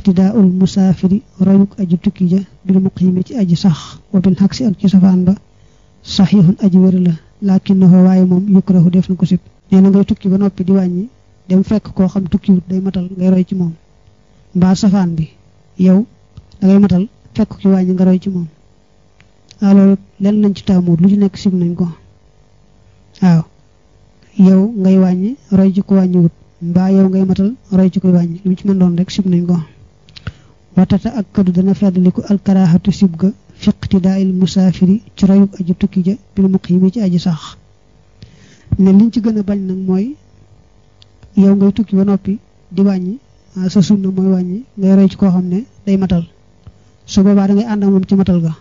daa iqtidaaul musaafiri royuk aji tukki ja bil muqiimi ci aji sax wa bil xaksi ak ci safaan ba saxiixun aji wér la laa lakinnahu waaye moom yukrahu def na ko sib nee ngay tukki ba noppi di wàññi dem fekk koo xam tukkiwut day matal ngay roy ci moom mbaa safaan bi yow dangay matal fekk ki wàññi nga roy ci moom waaw loolu lenn ci taamuwut lu ci nekk sib nañ ko waaw yow ngay wàññi roy ci ko wàññiwut mbaa yow ngay matal roy ci koy wàññi lu mu ci mën doon rek sib nañ ko watata ak kadu dana feddaliku alkarahatu sib ga fi iqtidaa'il musaafiri ci royub aji tukki ja bil muqiimi ci aji sax ne liñ ci gën a bañ nag mooy yow ngay tukki ba noppi di wàññi ah, sa sunna mooy wàññi ngay roy ci koo xam ne day matal su boobaa dangay ànd ak moom ci matal ga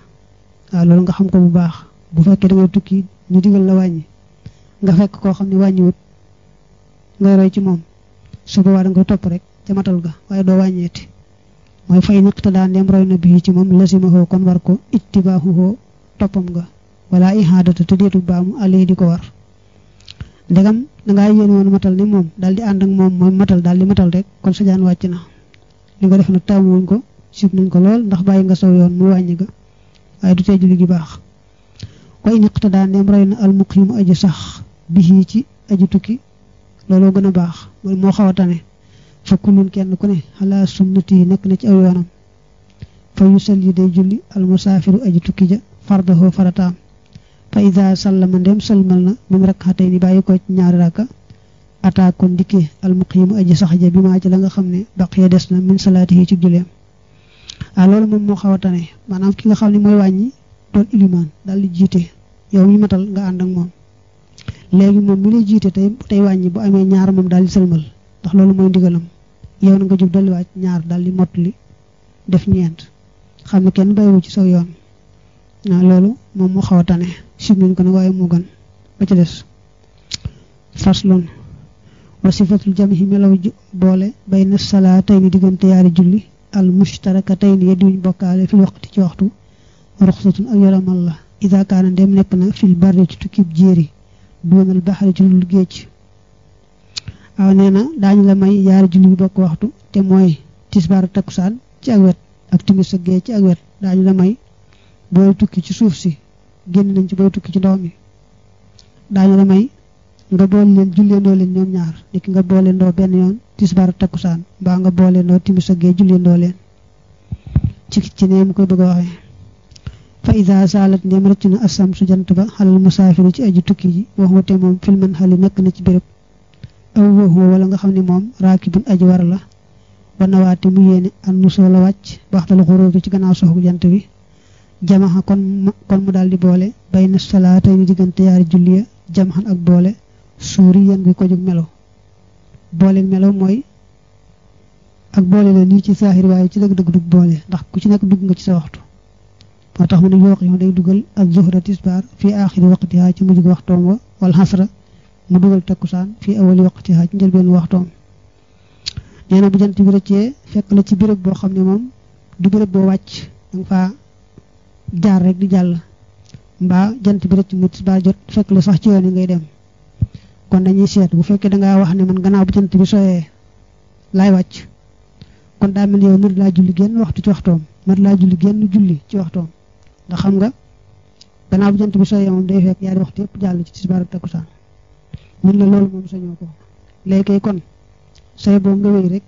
waaw ah, loolu nga xam ko bu baax bu fekkee da ngay tukki ñu digal la wàññi nga fekk koo xam ne wàññiwut ngay roy ci moom su boobaa da nga topp rek ca matal ga waaye doo wàññeeti mooy fay niqtadaa ndem roy na bii ci moom lasimahoo kon war ko ittibaahuhoo toppam nga wala ihaadata te déetu baamu alay di ko war ndegam dangaa yéen woon matal ni moom daal di ànd ak moom mooy matal daal di matal rek kon sa jaan wàcc na li nga def nag taamuwuñ ko sib nañ ko lool ndax bàyyi nga saw yoon mu wàññi ga waaye du te julli gi baax koy niqtadaa ndem roy na mu aji sax bihi ci aju tukki looloo gën a baax moo xaw a tane fa kullun kenn ku ne ala sunnati nekk na ci aw yoonam fa yusalli day julli al musaafiru aji tukki ja fardahu farataam fa ida sallama ndem salmal na min rakxatay ni bàyyi ko ci ñaari rakka ataa kon dikkee al muqiimu aji sax ja bi ma ci la nga xam ne baqiya des na min salaatihi ci julleem ah loolu moom moo xaw a tane maanaam ki nga xaw ne mooy wàññi doon ilimaan daal di jiite yow mi matal nga ànd ak moom léegi moom mi lay jiite tey tey wàññi bu amee ñaar moom daal di sëlmal ndax loolu mooy ndigalam yow nga jub dolliwaat ñaar daal di li def ñeent xam ne kenn bàyyiwu ci saw yoon naa loolu moom mu xaw a tane sib nañ ko nag waaye moo gën ba ca des faslun wa sifatul jamhi melaw boole bay na salaatay ni diggante yaari julli al mushtarakatay ni yeddiwuñ bokkaale fil waqti ci waxtu ruxsatun ak yoramal la ida na ndem nekk na fil barri ci tukkib jéeri doonal baxari ci lu géej waaw nee na daañu la may yaari julli bokk waxtu te mooy tisbaar takkusaan ci ak wet ak timis ak gee ci ak wet daañu la may booy tukki ci suuf si génn nañ ci booy tukki ci ndox mi daañu la may nga boole leen julleendoo leen ñoom ñaar niki nga boole ndoo benn yoon tisbaar takkusaan mbaa nga boole ndoo timis ak gee julleendoo leen ci ci ne mu koy bëgg a waxee fa isa salat ndem rëcc na asam su jant ba xalal musaafiri ci aju tukki ji wax nga te moom filman xali nekk na ci béréb aw waxoo wala nga xam ni moom raakibun aji war la ba nawaate mu yéene an musoo la wàcc baxtal xuróob bi ci gannaaw soxu jant bi jamaxa kon kon mu daal di boole bay na salaata yu diggante yaari julli ya jamaxan ak boole suuri yan gi ko jóg melo boole melo mooy ak boole la nii ci saaxir waaye ci dëgg-dëgg dug boole ndax ku ci nekk dugg nga ci sa waxtu moo tax mu ne yooq yoon day dugal ak zuhra tisbaar fii aaxiri waqtiha ci mujj waxtoom wa wal mu dugal takkusaan fii awali waqtiha ci njëlbeen waxtoom nee na bu jant bi rëccee fekk la ci béréb boo xam ne moom du béréb boo wàcc danga faa jaar rek di jàll mbaa jant bi rëcc mu tisbaar jot fekk la sax ci yoon yi ngay dem kon dañuy seet bu fekkee dangaa wax ne man gannaaw bu jant bi sooyee laay wàcc kon daa mel yow nar laa julli génn waxtu ci waxtoom nar laa julli génn julli ci waxtoom ndax xam nga gannaaw bu jant bi sooyee moom day fekk yaari waxtu yëpp jàll ci tisbaar ak takkusaan mun la loolu moom sañoo ko léegi kon say boo nga wéy rek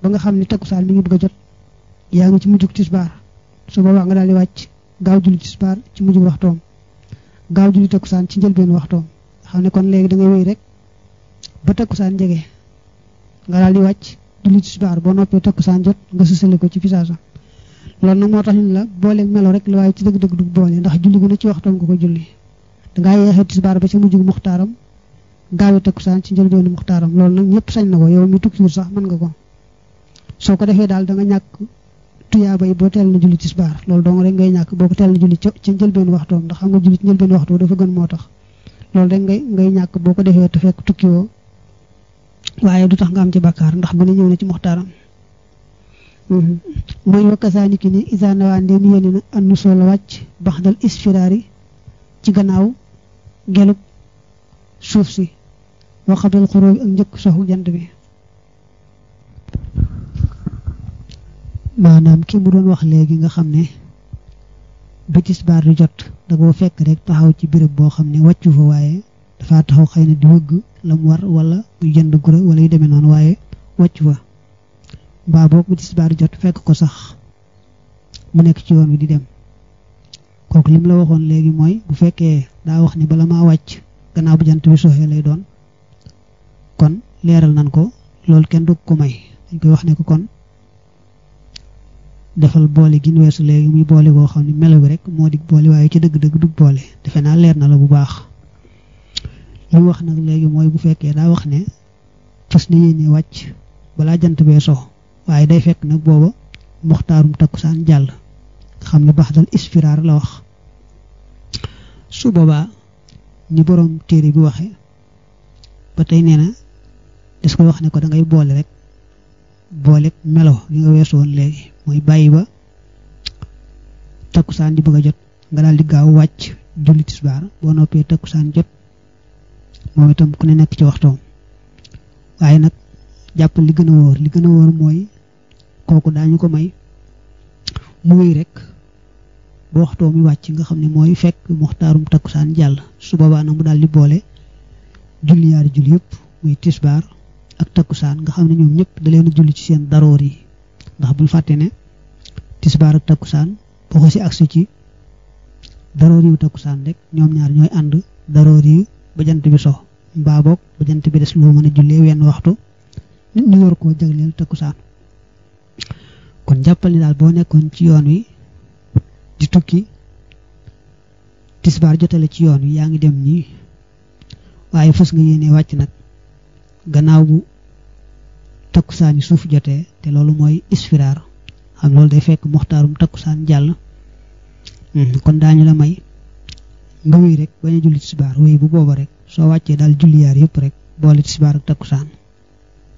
ba nga xam ne takkusaan mi ngi bëgg a jot yaa ngi ci mujjug tisbaar su boobaa nga daal di wàcc gaaw julli tisbaar ci mujjug waxtoom gaaw julli takkusaan ci njëlbeen waxtoom xam ne kon léegi da ngay wéy rek ba takkusaan jege nga daal di wàcc julli tisbaar boo noppee takkusaan jot nga sësale ko ci fisaasa loolu nag moo tax ñu la booleeg melo rek la waaye ci dëgg-dëgg du boole ndax julli gu ne ci waxtoom nga ko julli dangaa yeexee tisbaar ba ca mujjug muxtaaram gaawi saan ci njëlbéenu muxtaaram loolu nag ñëpp sañ na ko yow mi tukkiwul sax mën nga ko soo ko defee daal da nga ñàkk tuyaaba yi boo teel na julli tisbaar loolu dong rek ngay ñàkk boo teel na julli ca ca njëlbéenu waxtoom ndax xam nga julli ci njëlbéenu waxtu dafa gën moo tax ngay ngay ñàkk boo ko defee te fekk tukkiwoo waaye du tax nga am ci bakkaar ndax bi ne ñëw na ci muxtaaram mm-hmm. mooy wakkasaani ki ni isa nawaan deen yéene na annu la wàcc bax dal isfiraari ci gannaaw gelub suuf si waxatul xuroo ak njëkk soxu jant bi maanaam ki mu doon wax léegi nga xam ne ba tisbaar di jot da fekk rek taxaw ci béréb boo xam ne wàccu fa waaye dafa taxaw xëy na di wëgg mu war wala muy jënd gura wala yu demee noonu waaye wacc fa mbaa boog ba tisbaar di jot fekk ko sax mu nekk ci woon wi di dem kooku lim la waxoon léegi mooy bu fekkee daa wax ni bala maa wàcc gannaaw bu jant bi soxee lay doon kon leeral nan ko loolu kenn du ko may dañ koy wax ne ko kon defal boole gin weesu léegi muy boole goo xam ne melo bi rek moo di boole waaye ci dëgg-dëgg du boole defe naa leer na la bu baax li wax nag léegi mooy bu fekkee daa wax ne fas na yéene wàcc balaa jant bee so waaye day fekk nag booba takku takkusaan jàll xam ne baax dal ispiraar la wax ni borom téere bi waxe ba tey nee na des ko wax ne ko dangay boole rek boole melo li nga weesu léegi mooy bàyyi ba takkusaan di bëgg a jot nga daal di gaaw wàcc julli tisbaar boo noppee takkusaan jot moom itam ku ne nekk ci waxtoom waaye nag jàpp li gën a wóor li gën a wóor mooy kooku daañu ko may mu wéy rek ba waxtoo mi wàcc nga xam ne mooy fekk muxtaarum takkusaan jàll su boobaa nag mu daal di boole julli ñaari julli yëpp muy tisbaar ak takkusaan nga xam ne ñoom ñëpp da leen a julli ci seen daroor yi ndax bul fàtte ne tisbaar ak takkusaan boo ko si agsi ci daroor yu takkusaan rek ñoom ñaar ñooy ànd daroor yi ba bi so mbaa boog bi des loo mën a jullee wenn waxtu nit ñu war koo jagleel takkusaan kon jàppal ni daal boo nekkoon ci yoon wi di tukki tisbaar jotale ci yoon wi yaa ngi dem nii waaye fas nga yéene wàcc nag gannaaw bu takkusaani suuf jotee te loolu mooy isfiraar xam loolu day fekk muxtaarum takkusaan jàll hmm. kon daañu la may nga wéy rek bañ a julli tisbaar wéy bu booba rek soo wàccee daal julliyaar yëpp rek boole tisbaar ak takkusaan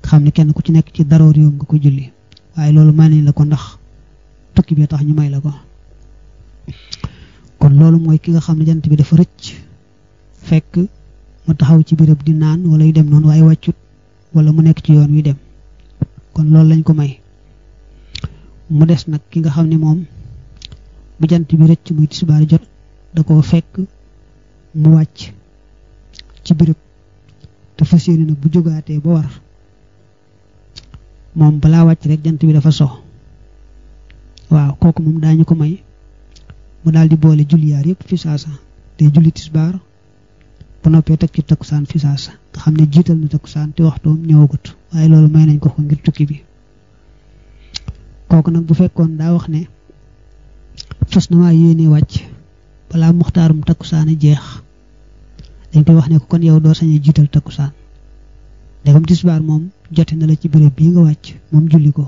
xam ne kenn ku ci nekk ci daroor yoom nga ko julli waaye loolu may nañ la ko ndax tukki bi tax ñu may la ko kon loolu mooy ki nga xam ne jant bi dafa rëcc fekk mu taxaw ci béréb di naan wala yu dem noonu waaye wàccut wala mu nekk ci yoon wi dem kon loolu lañ ko may mu des nag ki nga xam ne moom bu jant bi rëcc muy tisbaar jot da koo fekk mu wàcc ci béréb dafa fas bu jógaatee ba war moom balaa wàcc rek jant bi dafa so waaw kooku moom daañu ko may mu daal di boole julli yaar yëpp fi saasa day julli tisbaar ba noppee teg ci takkusaan fi saasa nga xam ne jiital na takkusaan te waxtoom ñëwagut waaye loolu may nañ ko ko ngir tukki bi kooku nag bu fekkoon daa wax ne fas na maa yéene wàcc balaa muxtaarum takkusaan a jeex dañ koy wax ne ko kon yow doo sañee jiital takkusaan ndegam tisbaar moom jote na la ci béréb bii nga wàcc moom julli ko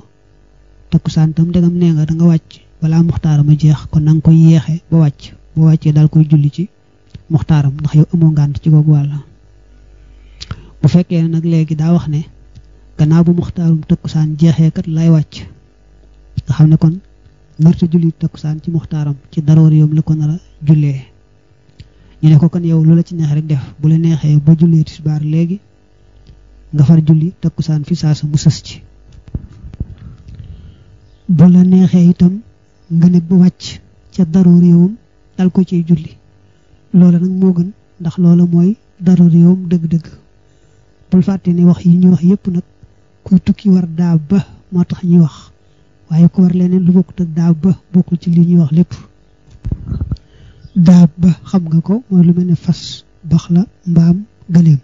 takkusaan tam ndegam nee nga da wàcc balaa muxtaaram a jeex kon na nga koy yeexe ba wàcc boo wàccee daal koy julli ci muxtaaram ndax yow amoo ngànt ci googu wàll bu fekkee ne nag léegi daa wax ne gannaaw bu muxtaarum takkusaan jeexee kat lay wàcc nga xam ne kon narta julli takkusaan ci muxtaaram ci daroor yoom la ko nar a jullee ñu ne ko kon yow lu la ci neex rek def bu la neexee ba jullee tisbaar léegi nga far julli takkusaan fi saa su mu sës ci bu nga ne bu wàcc ca daru réewam dal ko ciy julli loola nag moo gën ndax loola mooy daru réewam dëgg-dëgg bul fàtte ne wax yi ñu wax yépp nag kuy tukki war daa ba moo tax ñuy wax waaye ku war leneen lu bokkut ak daa ba bokkul ci lii ñuy wax lépp daa ba xam nga ko mooy lu mel ne fas bax la mbaam gëléem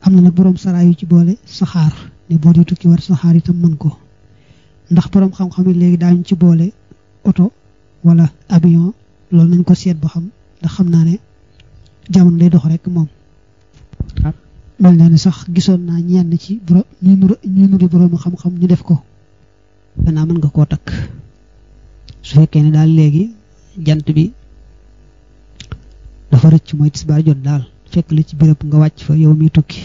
am na nag boroom saraa yu ci boole saxaar ne boo dee tukki war saxaar itam mën ko ndax borom xam-xam yi léegi daañu ci boole oto wala avion loolu nañ ko seet ba xam ndax xam naa ne jamono day dox rekk moom. Ah. mel na ni sax gisoon naa ñenn ci borom ñi nur ñi xam-xam ñu def ko. danaa mën nga koo takk su fekkee ne daal léegi jant bi dafa rëcc mooy tisbaar jot daal fekk la ci béréb nga wàcc fa yow mi tukki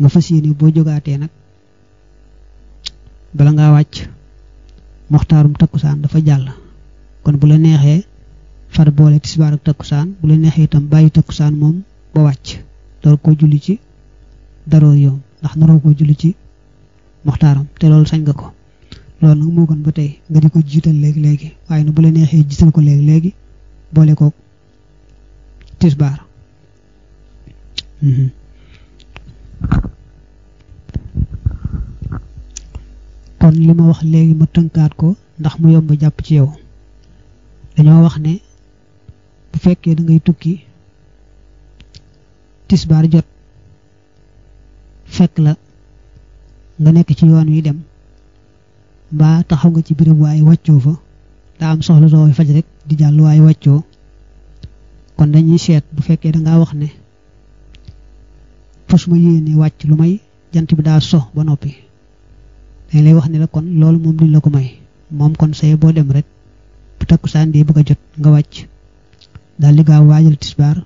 nga fas yéene boo jógaatee nag. bala ngaa wàcc moxtaarum takkusaan dafa jàll kon bu la neexee far boole tisbaar ak takkusaan bu la neexee itam bàyyi takkusaan moom ba wàcc door koo julli ci daroo yoom ndax naroo koo julli ci moxtaaram te loolu sañ nga ko loolu nag moo gën ba tey nga di ko jiital léegi léegi waaye na bu la neexee jiital ko léegi léegi boole ko tisbaar mhm. kon li ma wax léegi ma tënkaat ko ndax mu yomb jàpp ci yow dañoo wax ne bu fekkee da ngay tukki tisbaar jot fekk la nga nekk ci yoon wi dem mbaa taxaw nga ci béréb waaye wàccoo fa daa am soxla doo faj rek di jàll waaye wàccoo kon dañuy seet bu fekkee dangaa wax ne fas ma yéene wàcc lu may jant bi daa so ba noppi dañ lay wax ne la kon loolu moom duñ la ko may moom kon saye boo dem rek bu takkusaan di bëgg a jot nga wàcc daal di gaaw waajal tisbaar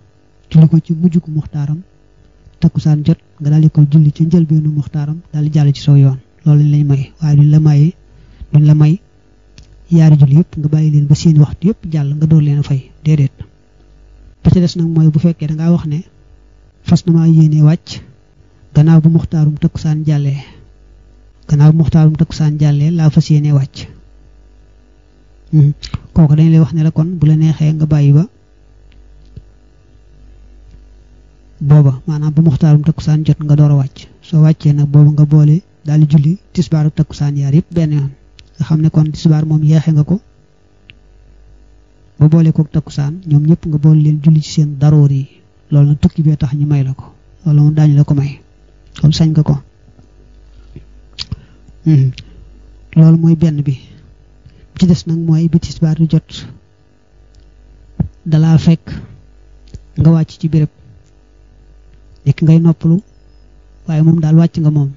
julli ko ci mujjug muxtaaram takkusaan jot nga daal di ko julli ci njëlbeenu muxtaaram daal di jàll ci soo yoon loolu lañ lay may waaye duñ la maye duñ la may yaari julli yëpp nga bàyyi leen ba seen waxtu yépp jàll nga door leen a fay déedéet ba ca des nag mooy bu fekkee da ngaa wax ne fas na ma yéenee wàcc gannaaw bu muxtaarum takkusaan jàllee gannaaw muxtaarum takkusaan jàllee laa fas yéene wàcc hmm. kooku dañ lay wax ne la kon bu la neexee nga bàyyi ba booba maanaam ba muxtaarum takkusaan jot nga door a wàcc soo wàccee nag booba nga boole daal di julli tisbaaru takkusaan yaar yëpp benn yoon nga xam ne kon tisbaar moom yeexe nga ko ba boole kook takkusaan ñoom ñëpp nga boole leen julli ci seen daroor yi loolu nag tukki bee tax ñu may la ko loolu moom daañu la ko may kon sañ nga ko Hmm. loolu mooy benn bi ci des nag mooy bi tisbaar di jot dalaa fekk nga wàcc ci béréb nekk ngay noppalu waaye moom daal wàcc nga moom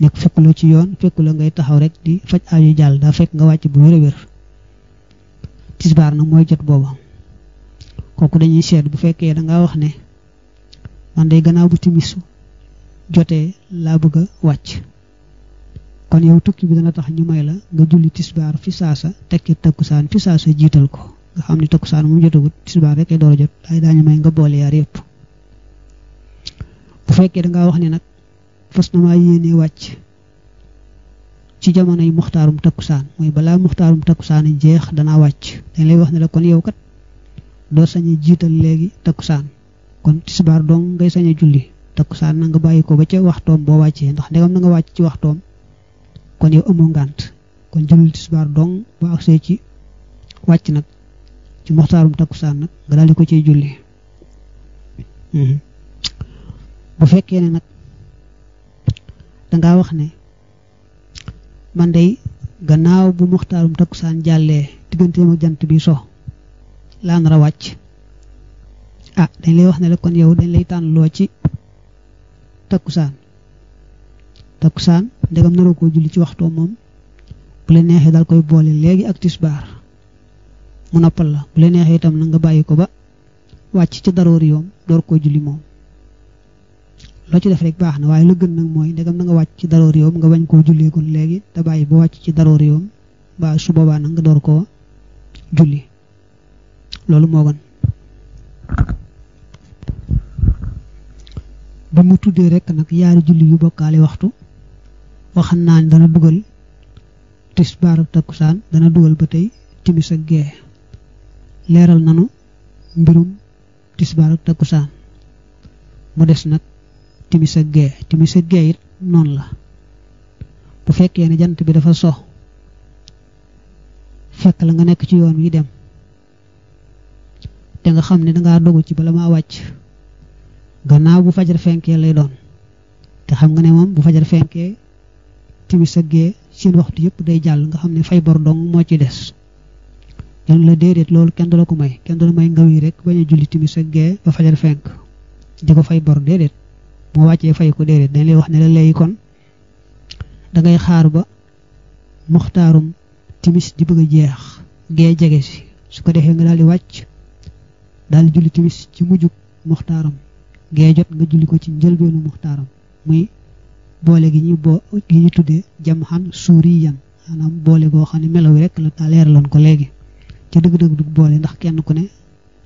nekk fekkuloo ci yoon fekkuloo ngay taxaw rek di faj aajo jàll daa fekk nga wàcc bu wér a wér tisbaar nag mooy jot booba kooku dañuy seet bu fekkee danga wax ne man day gannaaw bu timis jotee laa bëgg a wàcc kon yow tukki bi dana tax ñu may la nga julli tisbaar fi saasa tekki takkusaan fi saasa jiital ko nga xam ne takkusaan moom jotagut tisbaar rek ay door a jot ay daañu may nga boole yaar yëpp bu fekkee dangaa wax ne nag fas na maa yéene wàcc ci jamono yi muxtaarum takkusaan mooy balaa muxtaarum takkusaan jeex danaa wàcc dañ lay wax ne la kon yow kat doo sañ jiital léegi takkusaan kon tisbaar dong ngay sañ a julli takkusaan na nga bàyyi ko ba ca waxtoom boo wàccee ndax na nga wàcc ci waxtoom kon yow amoo ngànt kon julli tisbaar dong boo agsee ci wàcc nag ci moxtaarum takkusaan nag nga daal di ko ciy julli mhm. bu fekkee ne nag danga wax ne man day gannaaw bu moxtaarum takkusaan jàllee digganteem ak jant bi so laa nar wàcc ah dañ lay wax ne la kon yow dañ lay tànn loo ci takkusaan takkusaan ndegam naroo koo julli ci waxtoo moom bu la neexee daal koy boole léegi ak tisbaar mu noppal la bu la neexee itam na nga bàyyi ko ba wàcc ci daroori yoom door koo julli moom loo ci def rek baax na waaye la gën nag mooy ndegam na nga wàcc ci daroori yoom nga bañ koo jullee léegi te bàyyi ba wàcc ci daroori yoom ba su boobaa nag nga door koo julli loolu moo gën ba mu tuddee rek nag yaari julli yu bokkaale waxtu waxan naa ne dana dugal tisbaar ak takkusaan dana dugal ba tey timis ak gee leeral nanu mbirum tisbaar ak takkusaan mu des nag timis ak gee timis ak gee it noonu la bu fekkee ne jant bi dafa sox fekk la nga nekk ci yoon wi dem te nga xam ne dangaa dogu ci bala maa wàcc gannaaw bu fajar fenkee lay doon te xam nga ne moom bu fajar fenkee timis ak gee seen waxtu yëpp day jàll nga xam ne fay bor dong moo ci des ñun la déedéet loolu kenn du la ko may kenn du la may ngaw yi rek bañ a julli timis ak gee ba fajar fenk di ko fay bor déedéet moo wàccee fay ko déedéet dañ lay wax ne la léegi kon ngay xaar ba muxtaarum timis di bëgg a jeex gee jege si su ko defee nga daal di wàcc daal di julli timis ci mujjug muxtaaram gee jot nga julli ko ci njëlbeenu muxtaaram muy boole gi ñu boo gi ñu tuddee jam xan suuri yan maanaam boole goo xam ne melaw yi rek la ta leeraloon ko léegi ca dëgg-dëgg du boole ndax kenn ku ne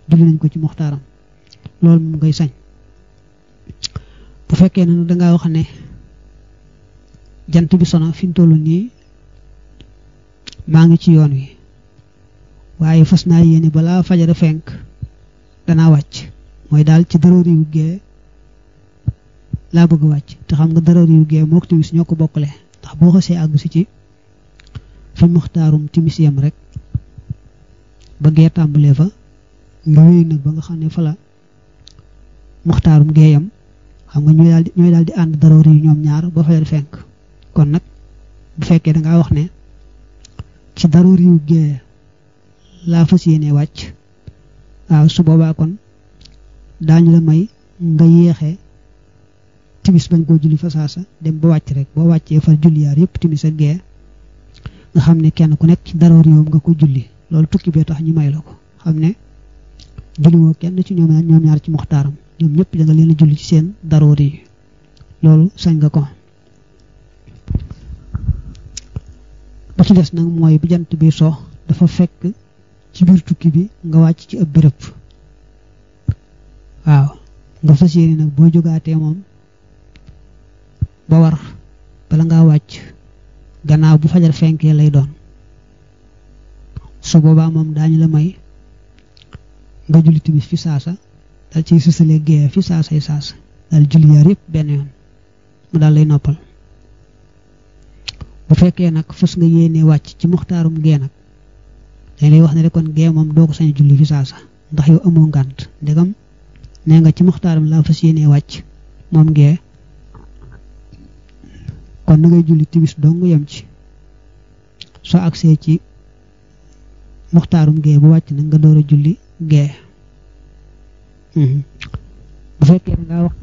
julli nañ ko ci muxtaaram loolu mu ngay sañ bu fekkee ne danga wax ne jant bi sono fi mu toll nii maa ngi ci yoon wi waaye fas naa yéene balaa fajara fenk danaa wàcc mooy daal ci dërëriwu gee laa bëgg wàcc te xam nga dara riw gee mook timis ñoo ko bokkale ndax boo xasee àgg si ci fi muxtaarum timis yam rek ba gee tàmbalee fa nga wéy nag ba nga xam ne fa la muxtaarum gee xam nga ñooy daal di ànd dara riw ñoom ñaar ba fajar fenk kon nag bu fekkee da wax ne ci dara riw gee laa fas yéene wàcc waaw su boobaa kon daañu la may nga yéexee timis bañ koo julli fa saasa dem ba wàcc rek boo wàccee far julliyaar yëpp timis ak gee nga xam ne kenn ku nekk ci dara réewam nga ko julli loolu tukki bee tax ñu may la ko xam ne kenn ci ñoom ñaar ñoom ñaar ci muxtaaram ñëpp da nga leen a julli ci seen daroor yi loolu sañ nga ko ba ci des nag mooy bu jant bi so dafa fekk ci biir tukki bi nga wàcc ci ab bërëb waaw nga fas nag boo jógaatee moom ba war bala ngaa wàcc gannaaw bu fajar fenkee lay doon su boobaa moom daañu la may nga julli timis fi saasa dal ciy susale géeye fi saasay saasa dal julli yaar yëpp benn yoon mu daal lay noppal bu fekkee nag fas nga yéenee wàcc ci muxtaarum gee nag dañ lay wax ne rek kon gee moom doo ko sañ julli fi saasa ndax yow amoo ngànt ndegam nee nga ci muxtaaram laa fas yéenee wàcc moom gee kon na ngay julli timis dong yem ci soo agsee ci muxtaarum gee bu wàcc nag nga door a julli gee mhm. bu fekkee dangaa wax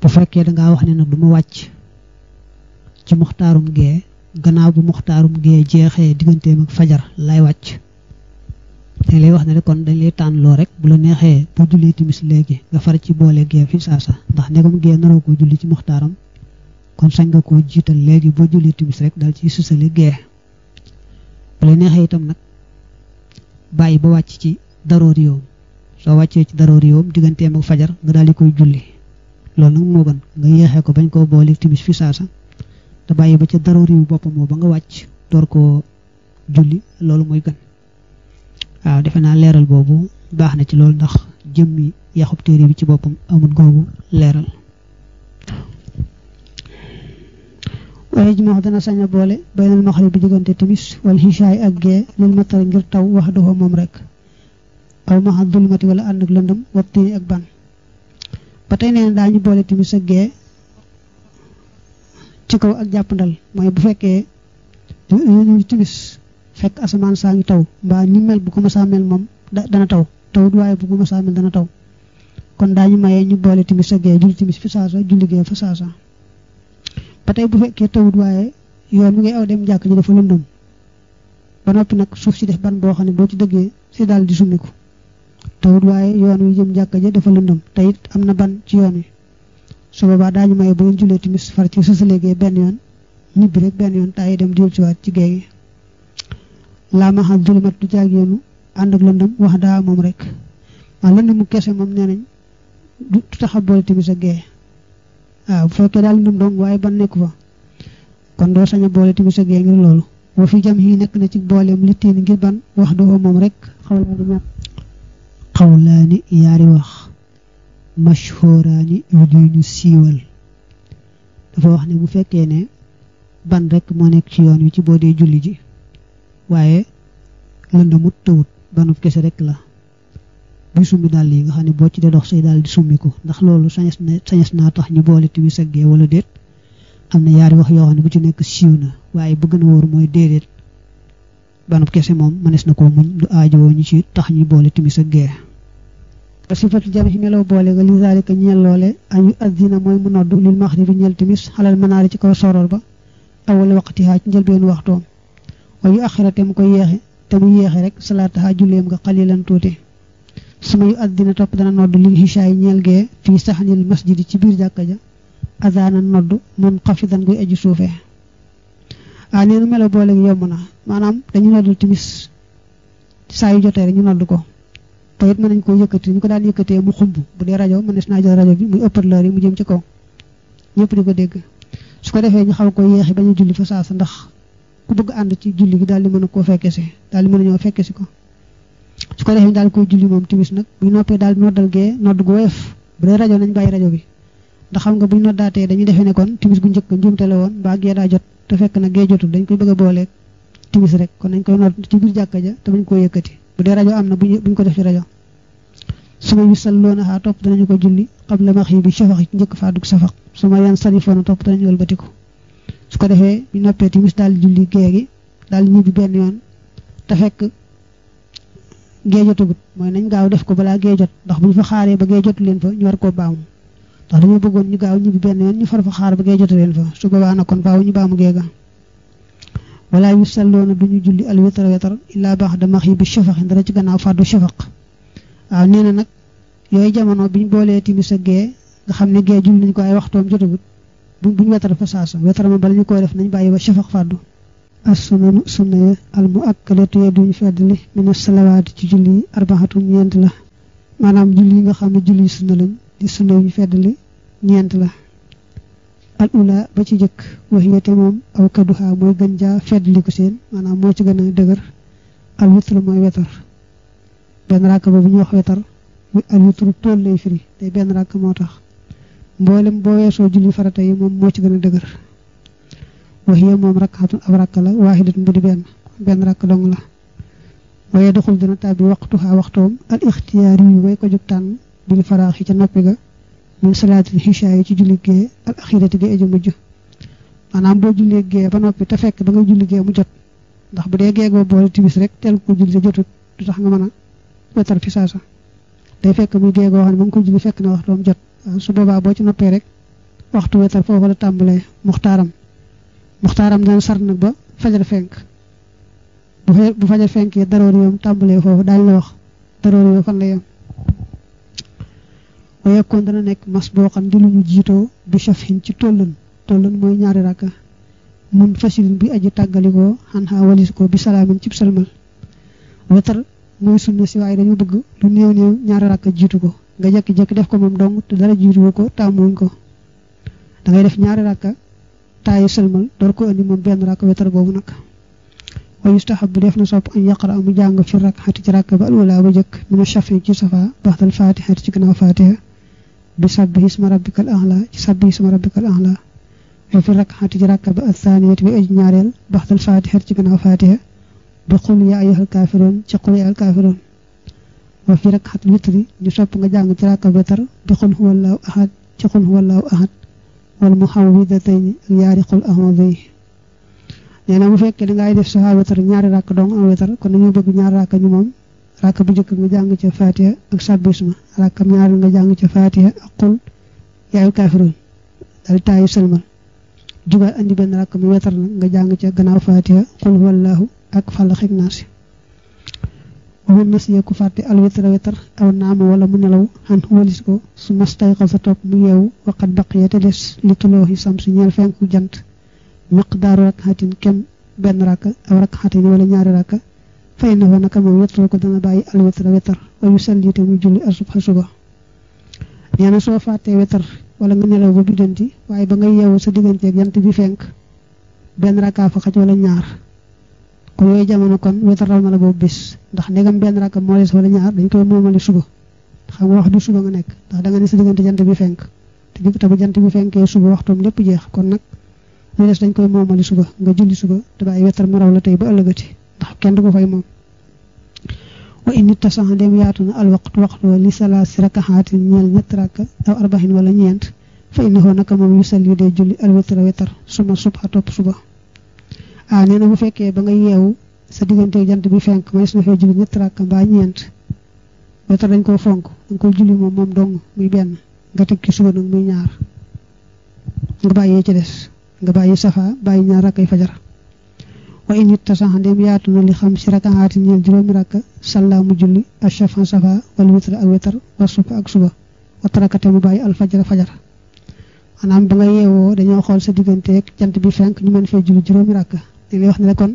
bu fekkee dangaa wax ne nag du ma wàcc ci muxtaarum gee gannaaw bu muxtaarum gee jeexee digganteem ak fajar lay wàcc dañ lay wax ne kon dañ lay tànn rek bu la neexee bu jullee timis léegi nga far ci boole gee fi saasa ndax ndegam gee naroo ko julli ci muxtaaram kon sañ nga koo jiital léegi boo jullee timis rek dal ci susali gee bu la neexee itam nag bàyyi ba wàcc ci daroor yoom soo wàccee ci daroor yoom digganteem ak fajar nga daal di koy julli loolu nag moo gën nga yéexee ko bañ koo boole timis fi saasa te bàyyi ba ca daroor yu moo ba nga wàcc door koo julli loolu mooy gën waaw defe naa leeral boobu baax na ci loolu ndax jëmmi yaxub téere bi ci boppam amut googu leeral waaye juma dana sañ a boole baynal maxrib bi diggante timis wala xisaay ak gee lil matari ngir taw wax doxo moom rek aw maxa dulmati wala ànd ak lëndëm wattiini ak ban ba tey nee boole timis ak gee ci kaw ak jàppandal mooy bu fekkee ñu timis fekk asamaan saa ngi taw mbaa ñu mel bu ko masaa mel moom dana taw taw du waaye bu ko masaa mel dana taw kon daañu mayee ñu boole timis ak gee julli timis fi saasa julli gee fa saasa ba tey bu fekkee tawut waaye yoon mi ngay aw dem jàkk ji dafa lëndëm ba noppi nag suuf si def ban boo xam ne boo ci dëggee si daal di summiku tawut waaye yoon wi jëm jàkk ji dafa lëndëm te it am na ban ci yoon wi su boobaa daañu may bu ngeen jullee timis far ci sësaléegee benn yoon ñibbi rek benn yoon taay dem jul siwaat ci géej gi laa ma xam julumat du jaag yoonu ànd ak lëndëm wax daa moom rek waa lëndëm mu kese moom nee nañ du tax a boole timis waaw foo fekkee daal ndum waaye ban nekku fa kon doo sañ a boole timis ak gee ngir loolu wa fi jam yi nekk na ci booleem li teen ngir ban wax du moom rek xawlaani ñaar xawlaani yaari wax mashhuraani yu ñu siiwal dafa wax ne bu fekkee ne ban rek moo nekk ci yoon wi ci boo dee julli ji waaye lëndamut tëwut banub kese rek la buy summi dàll yi nga xam ne boo ci dee dox say daal di summi ko ndax loolu sañes na sañes naa tax ñu boole timis ak gee wala déet am na yaari wax yoo xam ne bu ci nekk siiw na waaye bu gën a wóor mooy déedéet banub kese moom mënees na koo muñ du aajowoo ñu ci tax ñu boole timis ak gee sifatu jam ci melaw boole nga li zalika ñeel loole añu addina mooy mu noddu lil maxribi ñeel ci kaw soror ba awal waqtihaa ci njëlbeen waxtoom wayu axira te mu koy yeexe te mu yeexe rek salaataha julleem nga xalilan tuuti su ma yu addina topp dana nodd lil hichaay ñeel gee fii saxanil masjidi ci biir jàkk ja adana nodd mun xafidan guy aju suufee ah nee na melo boole gi yomb na maanaam dañu noddul timis saa yu jotee rek ñu nodd ko te mën nañ koo yëkkati ñu ko daan yëkkatee mu xumb bu dee rajo mënees naa jël rajo bi muy haut-parleur yi mu jëm ci kaw ñëpp di ko dégg su ko defee ñu xaw ko yéexi bañ a julli fa saa sa ndax ku bëgg ànd ci julli gi daal di mën a koo fekke si daal di mën a ñëw fekke si ko su ko defee daal koy julli moom timis nag bu noppee daal noddal gee nodd gu woyof bu dee rajo nañ bàyyi rajo bi ndax xam nga bu ñu noddaatee dañuy defee ne kon timis gu njëkk njuumte la woon mbaa gee daa jot te fekk na gee jotul dañ koy bëgg a booleeg timis rek kon dañ koy nodd ci biir jàkka ja te buñ ko yëkkati bu dee rajo am na buñ ko def ci rajo suma yu sal loona xaa topp danañu ko julli xam la max yi bi safax yi njëkk faa dugg safax suma yan salifoona topp danañu wëlbatiku su ko defee ñu noppee timis daal julli gee gi daal ñibbi yoon te fekk gee jotagut mooy nañ gaaw def ko balaa gee jot ndax bu ñu fa xaaree ba gee jot leen fa ñu war koo baamu ndax dañoo bëggoon ñu gaaw ñibbi benn yoon ñu far fa xaar ba gee jotu leen fa su boobaa nag kon faaw ñu baamu gee ga wala yu salloona duñu julli al wetar wetar illaa baax dama xi bi shafaq dara ci gannaaw waaw nee na nag yooyu jamono bi ñu boolee timis ak gee nga xam ne gee julli nañ ko ay waxtoom jotagut buñ wetar fa saasa wetar ma bala ñu koy def nañ bàyyi ba shafaq fàddu assunanu sunna ya al mu akkalatu ya duñ feddali mina ci julli yi ñeent la maanaam julli yi nga xam ne julli sunna di sunna yuñ feddali ñeent la al ula ba ci jëkk waxiyate moom aw kaduha mooy gën jaa feddali ko seen maanaam moo ci gën a dëgër al witru mooy wetar benn ràkk boobu ñu wax wetar al witru tool lay te benn ràkk moo tax mboolem boo weesoo julli farata yi moom moo ci gën a dëgër waxiya moom rakkaatun ab rakk la waaxidatun bu di benn benn rakk dong la waaye doxul dina tàbbi waxtuha waxtoom al ixtiyaar yi way ko jóg tànn bil faraax yi ca noppi ga min salaatil xisha yi ci julli gee al axirati gi aju mujj maanaam boo jullee gee ba noppi te fekk dangay nga julli gee mu jot ndax bu dee gee boole timis rek teel ko julli te jotut du tax nga mën a wetar fi saasa day fekk muy gee goo xam ne ba nga ko julli fekk na waxtoom jot su boobaa boo ci noppee rek waxtu wetar foofu la tàmbalee muxtaaram muxtaaram dana sar nag ba fajar fenk bu bu fajar fenkee daroori yoom tàmbalee foofu daal la wax daroori yoom fan la yem ba yekkoon dana nekk mas boo xam di lu ñu jiitoo bi safin ci tollun tollun mooy ñaari rakka mun fasilin bi aji tàggalikoo xanaa walis ko bi salaamin cib salmal wetar mooy sunna si waaye dañu bëgg lu néew néew ñaari rakka jiitu ko nga jekki-jekki def ko moom dong te dara jiitu ko tàmmuñ ko dangay def ñaari rakka taayu sëlmal door ko indi benn rakk wetar boobu nag wa yustahab bu def na sopp añ yaqara mu jàng fi rakk xati ci rakk ba alwala ba jëkk mina a ci safa baxdal fatihati ci gannaaw fatiha bi sabbi hisma rabbikal a'la ci sabbi hisma rabbikal a'la wa fi rakk xati ci rakk ba athaniyati bi aj ñaareel baxdal fatihati ci gannaaw fatiha bi qul ya ayyuhal kaafiruun ci qul ya al kaafiruun wa fi rakk xat witri ñu sopp nga jàng ci rakk wetar bi qul huwallahu ahad ci qul huwallahu ahad wal muxawwidatayni ak yaari xul ahmada yi nee na bu fekkee da ngay def saxaar wetar ñaari ràkk dong am wetar kon dañuy bëgg ñaar ràkk ñu moom ràkk bu jëkk nga jàng ca fatiha ak sabbisma ràkkam ñaari nga jàng ca fatiha ak xul yaayu kaafiroon dal taayu sëlmal jugal andi benn ràkk mu wetar nag nga jàng ca gannaaw fatiha xul wallahu ak fàll xig naasi amoon nasiya ku fàtte alwitra witar aw naam wala mu nelaw xan walis ko su mastay ko fa topp mu yeewu waqat baqiya te des li tulooxi sam si ñeel fenku jant miqdaaru rakxatin kem benn ràkka aw rakxatin wala ñaari rakk fey na fa naka moom wetru ko dana bàyyi alwitra witar wa yu salli te muy julli asubha suba nee na soo fàttee witar wala nga nelaw ba biddanti waaye ba ngay yeewu sa digganteeg jant bi fenk benn rakkaa fa xaj wala ñaar kon yooyu jamono kon wetaral na la boobu bis ndax ndegam benn rakk moo la ñaar dañ koy moomali suba xam nga wax du suba nga nekk ndax da nga ne sa diggante jant bi fenk te jub te bu jant bi fenkee suba lépp jeex kon nag lu des dañ koy moomali suba nga julli suba te bàyyi wetar mu raw la tey ba ëllëgati ndax kenn du ko fay moom wa in tasax dem yaatu na al waxtu waxtu li salaasi rakaxaatin ñeel ñett rakk aw arbaxin wala ñeent fa innahu naka moom yu sal yu dee julli al wetar wetar suma subha topp suba waaw ah, nee na bu fekkee ba nga yeewu sa diggante jant bi fenk may su fee julli ñett rakk mbaa ñeent ba dañ koo fonk dañ koy julli moom moom dong muy benn nga teg ci suba nag muy ñaar nga bàyyee ci des nga bàyyi safa bàyyi ñaar rakkay fajar wa in it tasaxa ndem yaatu na li xam si rakaxaati ñeel juróomi rakk salla mu julli ak safan safa wala witra ak wetar wa suba ak suba wa tarakate mu bàyyi alfajara fajar maanaam ba nga yeewoo dañoo xool sa digganteeg jant bi fenk ñu mën fee julli juróomi rakk dañuy wax ne la kon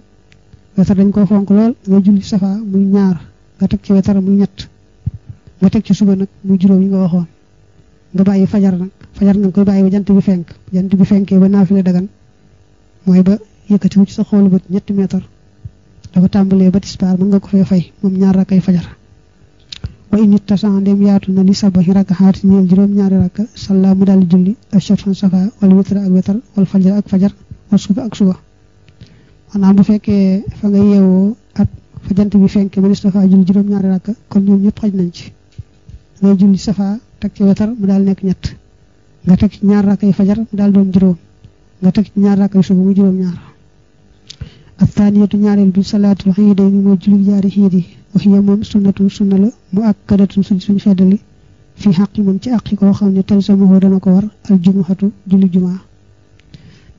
wetar dañ koy fonk lool da ngay julli safa muy ñaar nga teg ci wetar muy ñett nga teg ci suba nag muy juróom yi nga waxoon nga bàyyi fajar nag fajar nga koy bàyyi ba jant bi fenk jant bi fenkee ba naa fi naafile dagan mooy ba yëkkatiwu ci sa xoolu bët ñetti meetar dafa tàmbalee ba tispaar mën nga ko fee fay moom ñaar rakkay fajar wa init tasan dem yaatu na li sabahi rakka xaati ñeel juróom-ñaari rakka salla mu dal di julli ak safan safa wala witara ak fajar ak fajar ak suba maanaam bu fekkee fa nga yeewoo ak fa jant bi fenk ba des julli juróom-ñaari rakk kon ñoom ñëpp xaj nañ ci dangay julli safa teg ci wetar mu daal nekk ñett nga teg ci ñaar rakk yi fajar mu daal doon juróom nga teg ci ñaar rakk yi suba mu juróom-ñaar ak taaniyatu ñaareel bi salaatul xiid yi mooy julli jaari xiid yi wax ya moom sunnatu sunna la mu ak kadatun suñ suñ feddali fii xaq yi moom ci àq koo xam ne tel sa dana ko war al jumuxatu julli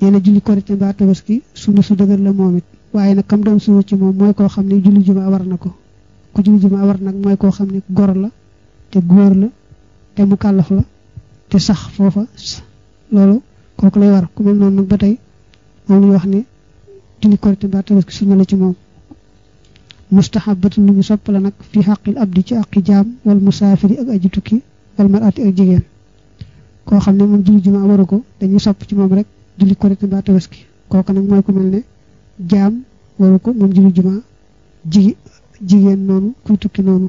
nee na julli korité mbaa tabaski sunna su dëgër la moom it waaye nag kam doon suñu ci moom mooy koo xam ne julli jumaa war na ko ku julli juma war nag mooy koo xam ne gor la te góor la te mu kàllaf la te sax foofa loolu kooku lay war ku mel ba tey moom lañu wax ne julli korité mbaa tabaski ci moom mustahabatun lu ñu sopp nag fi xaqil abdi ci jaam wal musaafiri ak aji tukki wal marati jigéen koo xam ne moom julli juma waru ko dañuy sopp ci moom rek julli korite mbaa tabaski kooku nag mooy ku mel ne jaam waru ko moom julli jumaa jigi jigéen noonu kuy tukki noonu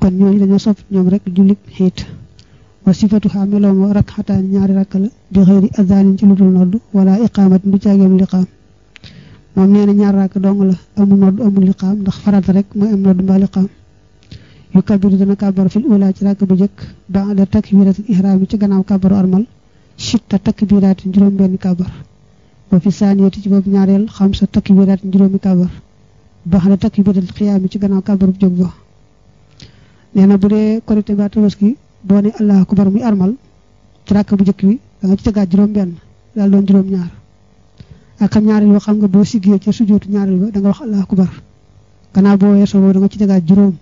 kon ñooñu dañoo sopp ñoom rek jullit xiit wa sifatu xaa meloom wa rakxataan ñaari rakk la bi xëyri azaanin ci lu dul nodd wala iqaamat du caageem liqaam moom nee na rakk dong la amul nodd amul liqaam ndax farata rek mooy am nodd mbaa liqaam yu kabbiru dana kàbbar fil ula ci ràkk bu njëkk ba'da takbiratil ihraami ci gannaaw kàbbaru armal sitta takbiraati juróom benn kàbbar wa fi saaniyati ci boobu ñaareel xamsa takbiraati juróomi kàbbar ba'da takbiratil qiyaami ci gannaaw kàbbaru jóg ba nee na bu dee korite ba gi boo ne allah akbar muy armal ci ràkk bu njëkk bi da ci tegaat juróom benn daal doon juróom ñaar ak xam ñaareel ba xam nga boo siggee ca sujootu ñaareel ba da nga wax allah akbar gannaaw boo weesoo boobu da nga ci tegaat juróom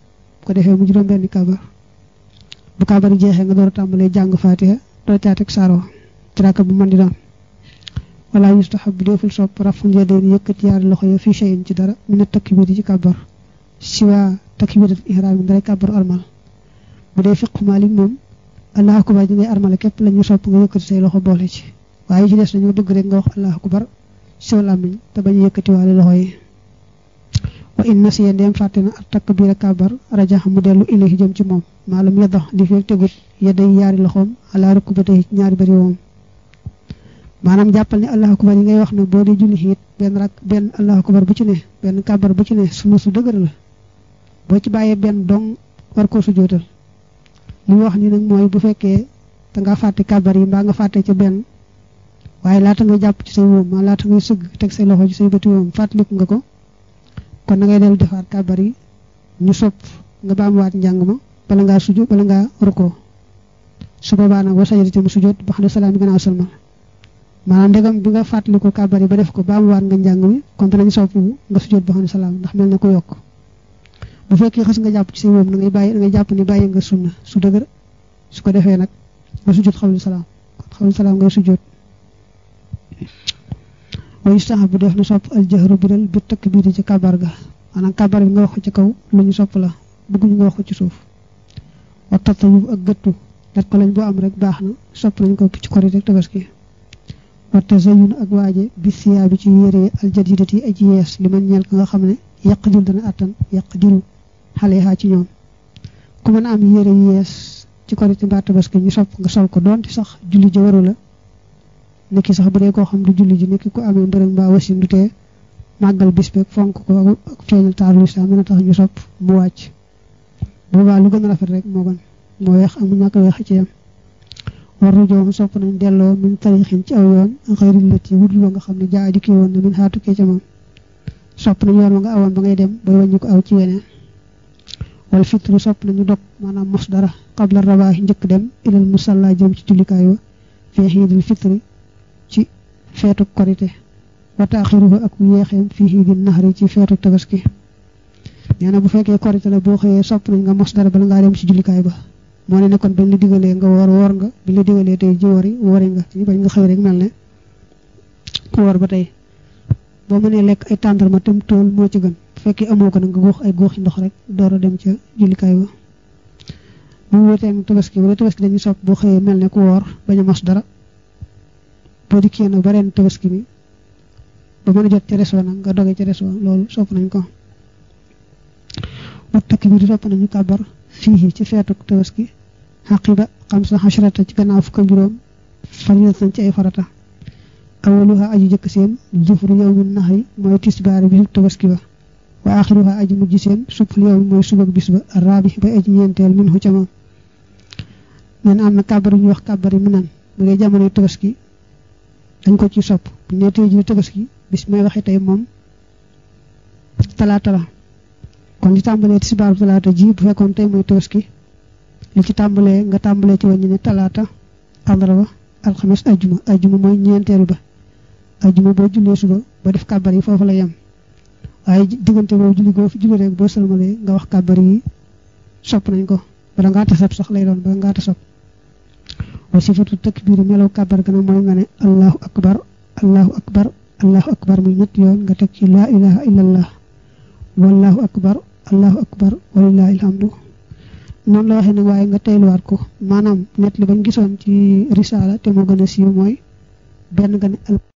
bu ko defee mu juróom benn kabar bu kabar jeexee nga door a tàmbalee jàng faatiha doo caat ak saaro ci ràkka bu mën di doon wala yustahab bi deful sopp rafu njëdeen yëkkati yaari loxo ya fii shay'in ci dara mu ne takbir yi ci kabar siwa takbiratul ihram bi ndaray kabar armal bu dee fiqu maalik moom allahu akbar ji ngay armale képp la ñu sopp nga yëkkati say loxo boole ci waaye ci des dañoo dugg rek nga wax allahu akbar soo làmmiñ te bañ a yëkkati waale loxo yi wa in nasiya ndeem fàtte na ak takbira kàbbar rajax mu dellu ilayhi jëm ci moom maalum yaddax li feeg tegut yedday yaari loxoom ala rukbatayhi ñaari bëri woom maanaam jàppal ne allahu akbar yi ngay wax ne boo dee julli xiit benn rak benn allahu akbar bu ci ne benn kàbbar bu ci ne sunu su dëgër la boo ci bàyyee benn dong war koo sujootal li wax ni nag mooy bu fekkee da nga fàtte kàbbar yi mbaa nga fàtte ca benn waaye laata nga jàpp ci say wóom ma laata ngay sëgg teg say loxo ci say bëti wóom fàttaliku nga ko kon na ngay dellu defaat kàbbar yi ñu sopp nga baamuwaat njàng ma bala ngaa sujjo bala ngaa rukkoo su baa nag boo sajati tam sujjoot ba xam ne salaam bi gannaaw salma maanaam ndegam bi nga fàttaliku kàbbar yi ba def ko baamuwaat nga njàng mi kon danañ nga sujjoot ba xam ne salaam ndax mel na ko yokk bu fekkee xas nga jàpp ci seen moom na bàyyi da ngay jàpp ni bàyyi nga sunna su dëgër su ko defee nag nga sujjoot xam salaam kon xawlu salaam ngay sujjoot wa yustahabu def na sopp al jahru biral bi takbir ci kabar ga maanaam kabar bi nga wax ci kaw lu ñu sopp la bëgguñu nga wax ci suuf wa tatayub ak gëttu dat ko lañ boo am rek baax na sopp nañ ko ci korite ak tabaski wa tazayun ak waaje bi siyaa bi ci yére al jadidati yi aji yees li man ñeel ko nga xam ne yàq jul dana attan yàq jul xale yaa ci ñoom ku ma a am yére yu yees ci korite mbaa tabaski ñu sopp nga sol ko doonte sax julli ja la niki sax bu dee koo xam du julli ji nekk ko amee mbërëg mbaa wasin du tee màggal bis beeg fonk ko ak feeñal taaru lislaam mën a tax ñu sopp mu wàcc boobaa lu gën a rafet rek moo gën moo weex am ñàkk weex ci yam war na joom sopp nañ delloo min tarixin ci aw yoon xëyri lët yi wudul nga xam ne jaa dikkee woon na min xaatukee ca moom sopp nañ yoon wa nga awoon ba ngay dem bay wàññi ko aw ci weneen wal fitru sopp nañu dog maanaam mos dara xabla rabaax njëkk dem ilal musalla jëm ci jullikaay wa fii feetu korite wa taaxiruhu ak mu yeexeem fi xii di naxari ci feetu tabaski nee na bu fekkee korite la boo xëyee sopp nañ nga mos dara la ngaa dem ci jullikaay ba moo ne ne kon bañ la digalee nga woor woor nga bañ la digalee tey ji wori wori nga ci bañ nga xëy rek mel ne ku woor ba tey boo mënee lekk ay tàndarma tam tool moo ci gën bu fekkee amoo ko nag nga góox ay góoxi ndox rek door a dem ca jullikaay ba bu wutee tabaski wala tabaski dañuy sopp boo xëyee mel ne ku woor ba a mos dara boo dikkee na ba ren tabaski bi ba mën a jot ca resoo nag nga doge ca resoo loolu sopp nañ ko wat takk bi di sopp nañu kàbbar fii ci feetuk tabaski xaqiba xamsa xasharata ci gannaaw fukk ak juróom farilal nañ ci ay farata awaluha aju jëkk seen jufru yawmi naxri mooy tisbaari wa axiruha aju mujj seen subul bis ba raabi bay aju ñeenteel min xucca moom nee am na kàbbar yu ñuy wax kàbbar yi mu dee jamonoy tabaski dañ ko ci sopp bu ñu nee tey jii bis may waxee tey moom talaata la kon li tàmbalee tisbaar talaata ji bu fekkoon tey mooy ki li ci tàmbalee nga tàmbalee ci wàññi ni talaata àllarba alxames ajjuma ajjuma mooy ñeenteelu ba ajjuma boo jullee suba ba def kàbbar yi foofu la yem waaye diggante boobu julli goo fi julli rek boo sëlmalee nga wax kàbbar yi sopp nañ ko bala ngaa tasab sax lay doon bala ngaa tasab wa sifatu takbir melaw kàbbar gana mooy nga ne allahu akbar allahu akbar allahu akbar muy ñett yoon nga teg ci laa ilaha illallah wallahu akbar allahu akbar walillahi alhamdu noonu la waxe ne waaye nga tey teyluwaat ko maanaam ñett li bañ gisoon ci risaala te moo gën a siiw mooy benn nga ne